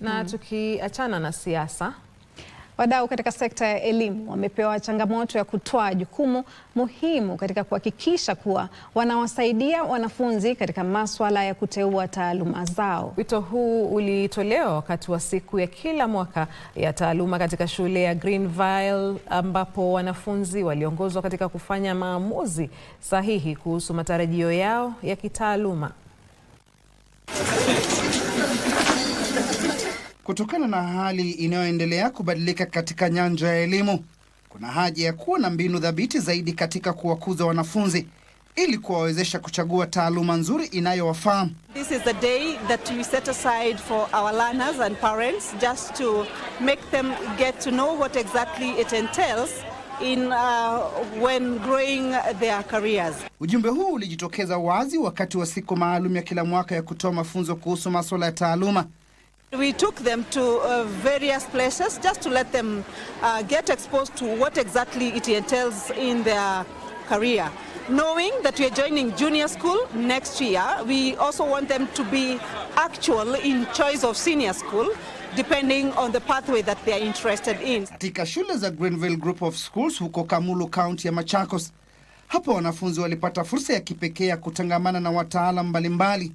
Na tukiachana na siasa, wadau katika sekta ya elimu wamepewa changamoto ya kutoa jukumu muhimu katika kuhakikisha kuwa wanawasaidia wanafunzi katika masuala ya kuteua taaluma zao. Wito huu ulitolewa wakati wa siku ya kila mwaka ya taaluma katika shule ya Greenville ambapo wanafunzi waliongozwa katika kufanya maamuzi sahihi kuhusu matarajio yao ya kitaaluma. Kutokana na hali inayoendelea kubadilika katika nyanja ya elimu, kuna haja ya kuwa na mbinu dhabiti zaidi katika kuwakuza wanafunzi ili kuwawezesha kuchagua taaluma nzuri inayowafaa. Uh, Ujumbe huu ulijitokeza wazi wakati wa siku maalum ya kila mwaka ya kutoa mafunzo kuhusu maswala ya taaluma We took them to uh, various places just to let them uh, get exposed to what exactly it entails in their career. Knowing that we are joining junior school next year, we also want them to be actual in choice of senior school depending on the pathway that they are interested in. Katika shule za Greenville Group of Schools huko Kamulu County ya Machakos, hapo wanafunzi walipata fursa ya kipekee ya kutangamana na wataalam mbalimbali mbali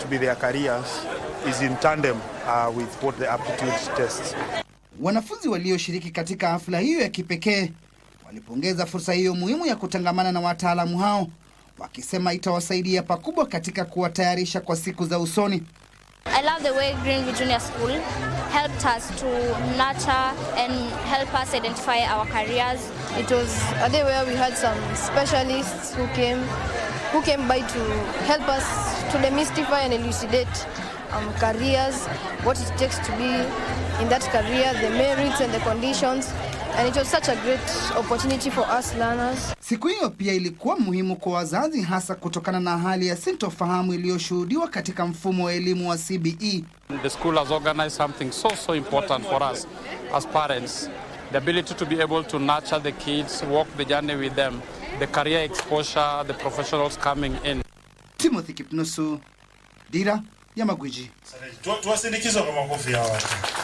to be their careers is in tandem uh, with what the aptitude tests. Wanafunzi walioshiriki katika hafla hiyo ya kipekee walipongeza fursa hiyo muhimu ya kutangamana na wataalamu hao wakisema itawasaidia pakubwa katika kuwatayarisha kwa siku za usoni. I love the way Greenview Junior School helped us to nurture and help us identify our careers. It was a day where we had some specialists who came who came by to help us to demystify and elucidate um, careers, what it takes to be in that career, the merits and the conditions. And it was such a great opportunity for us learners. Siku hiyo pia ilikuwa muhimu kwa wazazi hasa kutokana na hali ya sintofahamu iliyoshuhudiwa katika mfumo wa elimu wa CBE. The school has organized something so so important for us as parents. The ability to be able to nurture the kids, walk the journey with them the career exposure, the professionals coming in. Timothy Kipnusu, Dira ya Magwiji. Tuwasindikize kwa makofi hawa.